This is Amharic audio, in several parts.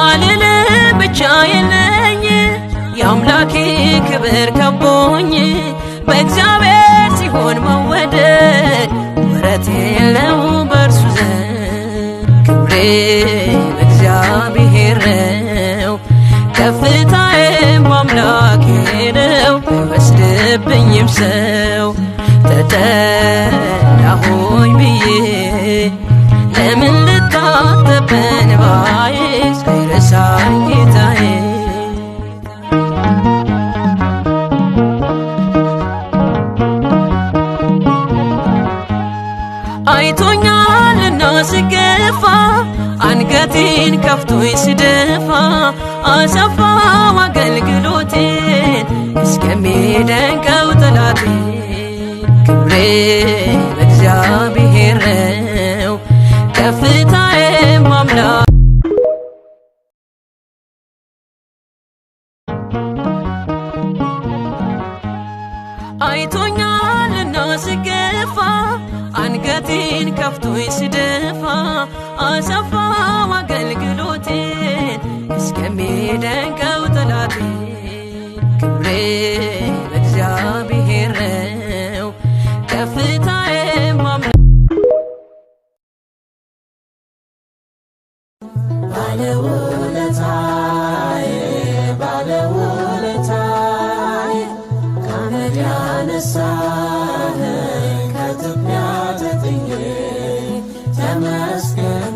አልል ብቻ ነኝ የአምላኬ ክብር ከቦኝ በእግዚአብሔር ሲሆን መወደድ ምረት የለው በእርሱ ዘንድ ክብሬ በእግዚአብሔር ነው ከፍታዬም በአምላኬ ነው አይወስድብኝም ሰው ተጠላሁኝ ብዬ አይቶኛልና ስገፋ አንገቴን ከፍቶኝ ስደፋ አሰፋው አገልግሎቴን እስከሚደንቀው ጠላቴ ክብሬ ነው አይቶኛ ስገፋ አንገቴን ከፍቶኝ ስደፋ አሰፋው አገልግሎቴን እስከሚደንቀው ጠላቴ ክብሬ ከትቢያ ተጥዬ ተመስገን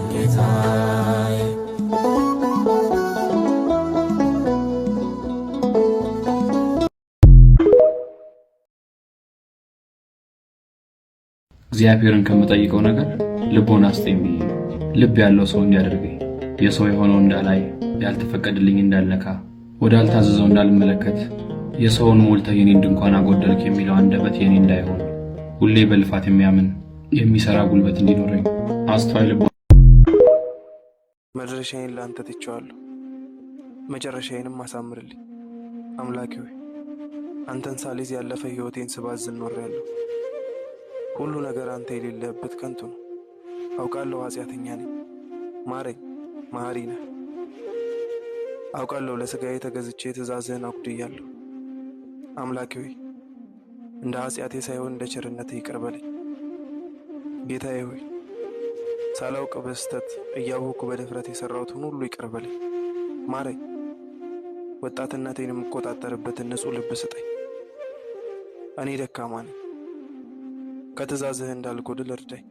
እግዚአብሔርን ከምጠይቀው ነገር ልቦን አስጠኝ ብዬ ልብ ያለው ሰው እንዲያደርገኝ የሰው የሆነው እንዳላይ ያልተፈቀደልኝ እንዳልነካ ወዳልታዘዘው እንዳልመለከት የሰውን ሞልተ የኔን ድንኳን አጎደልክ የሚለው አንደበት የኔ እንዳይሆን ሁሌ በልፋት የሚያምን የሚሰራ ጉልበት እንዲኖረኝ አስተዋይ ልቦ መድረሻዬን ለአንተ ትቼዋለሁ። መጨረሻዬንም አሳምርልኝ አምላኪ ሆይ። አንተን ሳልይዝ ያለፈ ስባዝ ስባዝን ያለሁ ሁሉ ነገር አንተ የሌለበት ከንቱ ነው። አውቃለሁ ኃጢአተኛ ነኝ። ማረኝ፣ መሐሪ ነህ። አውቃለሁ ለስጋዬ ተገዝቼ ትእዛዝህን አጉድያለሁ። አምላኬ ሆይ እንደ ኃጢአቴ ሳይሆን እንደ ቸርነት ይቅር በለኝ። ጌታዬ ሆይ ሳላውቅ በስተት እያወቅኩ በድፍረት የሠራሁትን ሁሉ ይቅር በለኝ። ማረኝ፣ ወጣትነቴን የምቆጣጠርበትን ንጹሕ ልብ ስጠኝ። እኔ ደካማ ነኝ፣ ከትእዛዝህ እንዳልጎድል እርዳኝ።